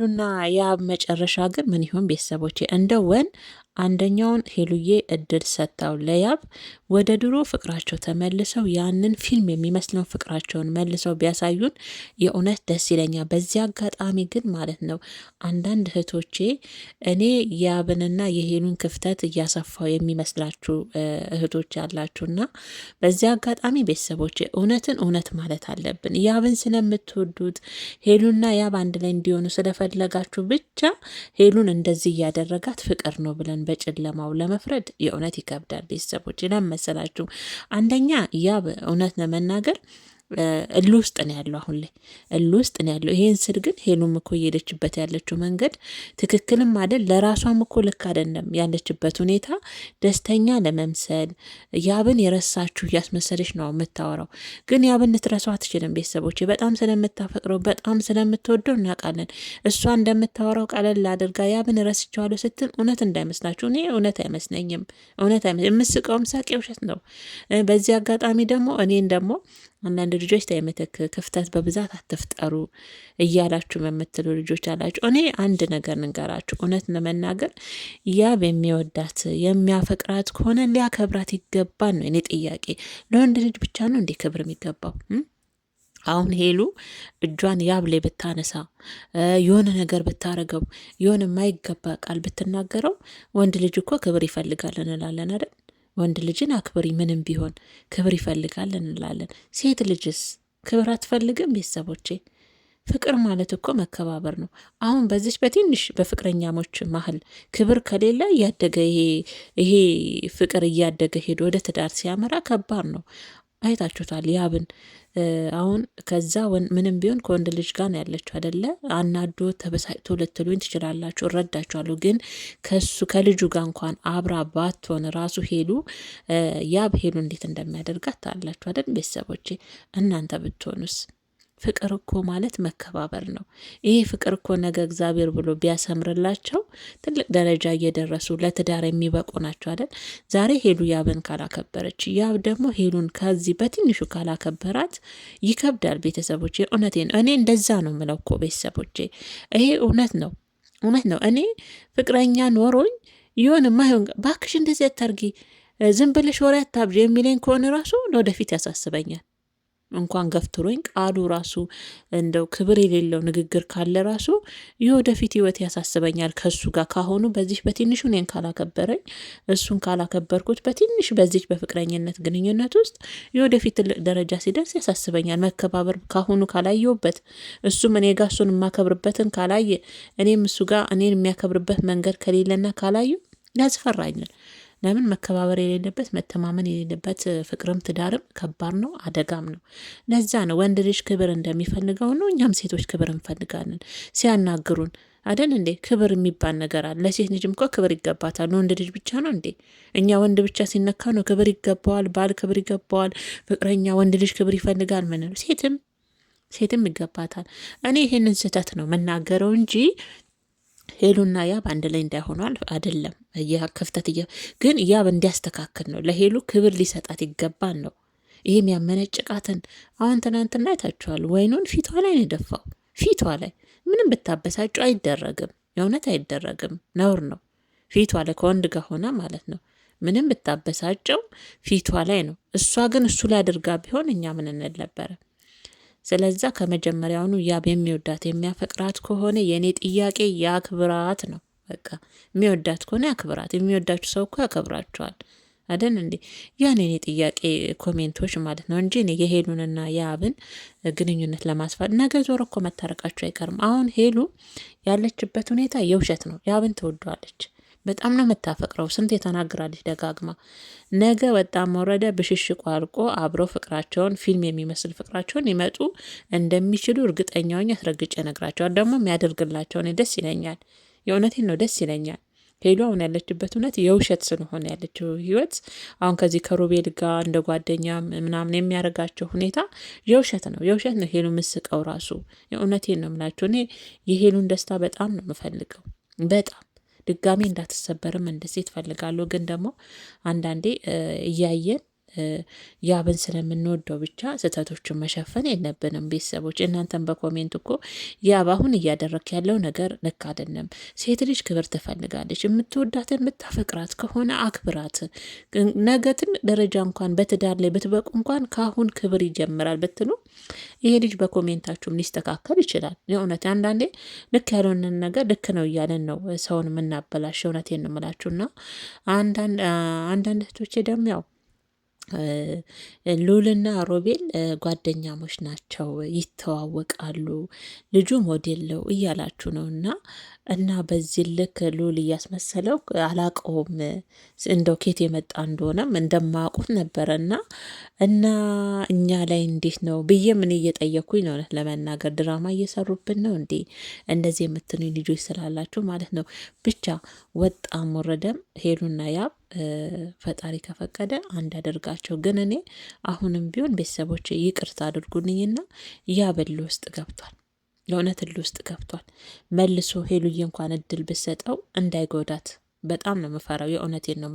ሉና የአብ መጨረሻ ግን ምን ይሆን? ቤተሰቦቼ ወን አንደኛውን ሄሉዬ እድል ሰጥተው ለያብ ወደ ድሮ ፍቅራቸው ተመልሰው ያንን ፊልም የሚመስለውን ፍቅራቸውን መልሰው ቢያሳዩን የእውነት ደስ ይለኛል። በዚህ አጋጣሚ ግን ማለት ነው አንዳንድ እህቶቼ እኔ ያብንና የሄሉን ክፍተት እያሰፋው የሚመስላችሁ እህቶች ያላችሁና በዚህ አጋጣሚ ቤተሰቦች እውነትን እውነት ማለት አለብን። ያብን ስለምትወዱት ሄሉና ያብ አንድ ላይ እንዲሆኑ ስለፈለጋችሁ ብቻ ሄሉን እንደዚህ እያደረጋት ፍቅር ነው ብለን በጨለማው ለመፍረድ የእውነት ይከብዳል። ቤተሰቦች ለመሰላችሁ መሰላችሁ? አንደኛ ያብ እውነት ለመናገር እል ውስጥ ነው ያለው። አሁን ላይ እል ውስጥ ነው ያለው። ይሄን ስል ግን ሄሉም እኮ እየሄደችበት ያለችው መንገድ ትክክልም አይደል። ለራሷም እኮ ልክ አይደለም ያለችበት ሁኔታ። ደስተኛ ለመምሰል ያብን የረሳችሁ እያስመሰለች ነው የምታወራው። ግን ያብን ልትረሳው አትችልም። ቤተሰቦች በጣም ስለምታፈቅረው በጣም ስለምትወደው እናውቃለን። እሷ እንደምታወራው ቀለል አድርጋ ያብን ረስቸዋለሁ ስትል እውነት እንዳይመስላችሁ። እኔ እውነት አይመስለኝም። እውነት የምስቀውም ሳቅ ውሸት ነው። በዚህ አጋጣሚ ደግሞ እኔን ደግሞ አንዳንድ ልጆች ታይመተክ ክፍተት በብዛት አትፍጠሩ እያላችሁ የምትሉ ልጆች አላችሁ። እኔ አንድ ነገር ንገራችሁ፣ እውነት ለመናገር ያብ የሚወዳት የሚያፈቅራት ከሆነ ሊያከብራት ይገባል ነው እኔ ጥያቄ። ለወንድ ልጅ ብቻ ነው እንዴ ክብር የሚገባው? አሁን ሄሉ እጇን ያብ ላይ ብታነሳ የሆነ ነገር ብታረገው የሆነ የማይገባ ቃል ብትናገረው ወንድ ልጅ እኮ ክብር ይፈልጋል እንላለን አይደል? ወንድ ልጅን አክብሪ፣ ምንም ቢሆን ክብር ይፈልጋል እንላለን። ሴት ልጅስ ክብር አትፈልግም? ቤተሰቦቼ ፍቅር ማለት እኮ መከባበር ነው። አሁን በዚች በትንሽ በፍቅረኛሞች መሀል ክብር ከሌለ እያደገ ይሄ ፍቅር እያደገ ሄዶ ወደ ትዳር ሲያመራ ከባድ ነው። አይታችሁታል ያብን አሁን ከዛ ምንም ቢሆን ከወንድ ልጅ ጋር ነው ያለችው አደለ? አናዶ ተበሳጭቶ ልትሉኝ ትችላላችሁ፣ እረዳችኋለሁ። ግን ከሱ ከልጁ ጋር እንኳን አብራ ባትሆን ራሱ ሄሉ ያብ ሄሉ እንዴት እንደሚያደርጋት ታላችሁ አደል? ቤተሰቦቼ እናንተ ብትሆኑስ? ፍቅር እኮ ማለት መከባበር ነው። ይሄ ፍቅር እኮ ነገ እግዚአብሔር ብሎ ቢያሰምርላቸው ትልቅ ደረጃ እየደረሱ ለትዳር የሚበቁ ናቸው አይደል? ዛሬ ሄሉ ያብን ካላከበረች፣ ያብ ደግሞ ሄሉን ከዚህ በትንሹ ካላከበራት ይከብዳል። ቤተሰቦቼ እውነቴ ነው። እኔ እንደዛ ነው ምለው እኮ ቤተሰቦቼ፣ ይሄ እውነት ነው፣ እውነት ነው። እኔ ፍቅረኛ ኖሮኝ ይሆን ይሆን ባክሽ እንደዚህ አታርጊ ዝም ብለሽ ወሬ አታብዥ የሚለኝ ከሆነ ራሱ ለወደፊት ያሳስበኛል። እንኳን ገፍትሮኝ ቃሉ ራሱ እንደው ክብር የሌለው ንግግር ካለ ራሱ የወደፊት ህይወት ያሳስበኛል። ከሱ ጋር ካሁኑ በዚህ በትንሹ እኔን ካላከበረኝ፣ እሱን ካላከበርኩት በትንሽ በዚች በፍቅረኝነት ግንኙነት ውስጥ የወደፊት ትልቅ ደረጃ ሲደርስ ያሳስበኛል። መከባበር ካሁኑ ካላየውበት፣ እሱም እኔ ጋር እሱን የማከብርበትን ካላየ፣ እኔም እሱ ጋር እኔን የሚያከብርበት መንገድ ከሌለና ካላየ ያስፈራኛል። ለምን መከባበር የሌለበት መተማመን የሌለበት ፍቅርም ትዳርም ከባድ ነው፣ አደጋም ነው። ለዛ ነው ወንድ ልጅ ክብር እንደሚፈልገው ነው። እኛም ሴቶች ክብር እንፈልጋለን። ሲያናግሩን አደን እንዴ ክብር የሚባል ነገር አለ። ለሴት ልጅም እኮ ክብር ይገባታል። ወንድ ልጅ ብቻ ነው እንዴ? እኛ ወንድ ብቻ ሲነካ ነው ክብር ይገባዋል፣ ባል ክብር ይገባዋል፣ ፍቅረኛ ወንድ ልጅ ክብር ይፈልጋል። ምንም ሴትም ሴትም ይገባታል። እኔ ይህንን ስህተት ነው መናገረው እንጂ ሄሉና ያ በአንድ ላይ እንዳይሆኗል አይደለም ክፍተት ግን ያብ እንዲያስተካክል ነው። ለሄሉ ክብር ሊሰጣት ይገባል ነው። ይህም ያመነጭቃትን አሁን ትናንትና አይታችኋል። ወይኑን ፊቷ ላይ ነው የደፋው። ፊቷ ላይ ምንም ብታበሳጩ አይደረግም። የእውነት አይደረግም፣ ነውር ነው። ፊቷ ላይ ከወንድ ጋር ሆነ ማለት ነው። ምንም ብታበሳጨው ፊቷ ላይ ነው። እሷ ግን እሱ ላይ አድርጋ ቢሆን እኛ ምን እንል ነበረ? ስለዛ ከመጀመሪያውኑ ያ የሚወዳት የሚያፈቅራት ከሆነ የእኔ ጥያቄ ያክብራት ነው። በቃ የሚወዳት ከሆነ ያክብራት። የሚወዳችሁ ሰው እኮ ያከብራችኋል አደን እንዴ? ያን የኔ ጥያቄ ኮሜንቶች ማለት ነው እንጂ እኔ የሄሉንና የአብን ግንኙነት ለማስፋት ነገ ዞር እኮ መታረቃቸው አይቀርም። አሁን ሄሉ ያለችበት ሁኔታ የውሸት ነው። የአብን ትወደዋለች በጣም ነው የምታፈቅረው። ስንት የተናግራለች ደጋግማ። ነገ ወጣም ወረደ ብሽሽቁ አልቆ አብረው ፍቅራቸውን ፊልም የሚመስል ፍቅራቸውን ይመጡ እንደሚችሉ እርግጠኛ ሆኜ አስረግጬ እነግራቸዋለሁ። ደግሞ የሚያደርግላቸውን ደስ ይለኛል። የእውነቴን ነው ደስ ይለኛል። ሄሉ አሁን ያለችበት እውነት የውሸት ስለሆነ ያለችው ህይወት አሁን ከዚህ ከሮቤል ጋር እንደ ጓደኛ ምናምን የሚያደርጋቸው ሁኔታ የውሸት ነው፣ የውሸት ነው። ሄሉ ምስቀው ራሱ የእውነቴን ነው የምላቸው። እኔ የሄሉን ደስታ በጣም ነው የምፈልገው በጣም ድጋሚ እንዳትሰበርም እንደዚህ ትፈልጋሉ። ግን ደግሞ አንዳንዴ እያየን ያብን ስለምንወደው ብቻ ስህተቶችን መሸፈን የለብንም። ቤተሰቦች እናንተን በኮሜንት እኮ ያብ አሁን እያደረክ ያለው ነገር ልክ አይደለም። ሴት ልጅ ክብር ትፈልጋለች። የምትወዳት የምታፈቅራት ከሆነ አክብራት። ነገ ትልቅ ደረጃ እንኳን በትዳር ላይ ብትበቁ እንኳን ከአሁን ክብር ይጀምራል ብትሉ ይሄ ልጅ በኮሜንታችሁም ሊስተካከል ይችላል። የእውነት አንዳንዴ ልክ ያልሆንን ነገር ልክ ነው እያለን ነው ሰውን የምናበላሽ። እውነት ነው እና አንዳንድ እህቶቼ ደግሞ ያው ሉልና ሮቤል ጓደኛሞች ናቸው፣ ይተዋወቃሉ፣ ልጁ ሞዴል ነው እያላችሁ ነው እና እና በዚህ ልክ ሉል እያስመሰለው አላቀውም እንደው ኬት የመጣ እንደሆነም እንደማያውቁት ነበረ እና እና እኛ ላይ እንዴት ነው ብዬ ምን እየጠየኩኝ ነው ለመናገር ድራማ እየሰሩብን ነው እንዴ እንደዚህ የምትሉኝ ልጆች ስላላችሁ ማለት ነው። ብቻ ወጣም ወረደም ሄሉና ያብ ፈጣሪ ከፈቀደ አንድ አደርጋቸው። ግን እኔ አሁንም ቢሆን ቤተሰቦች ይቅርታ አድርጉልኝና ያ በል ውስጥ ገብቷል፣ የእውነት ል ውስጥ ገብቷል። መልሶ ሄሉዬ እንኳን እድል ብሰጠው እንዳይጎዳት በጣም ነው የምፈራው። የእውነቴን ነው።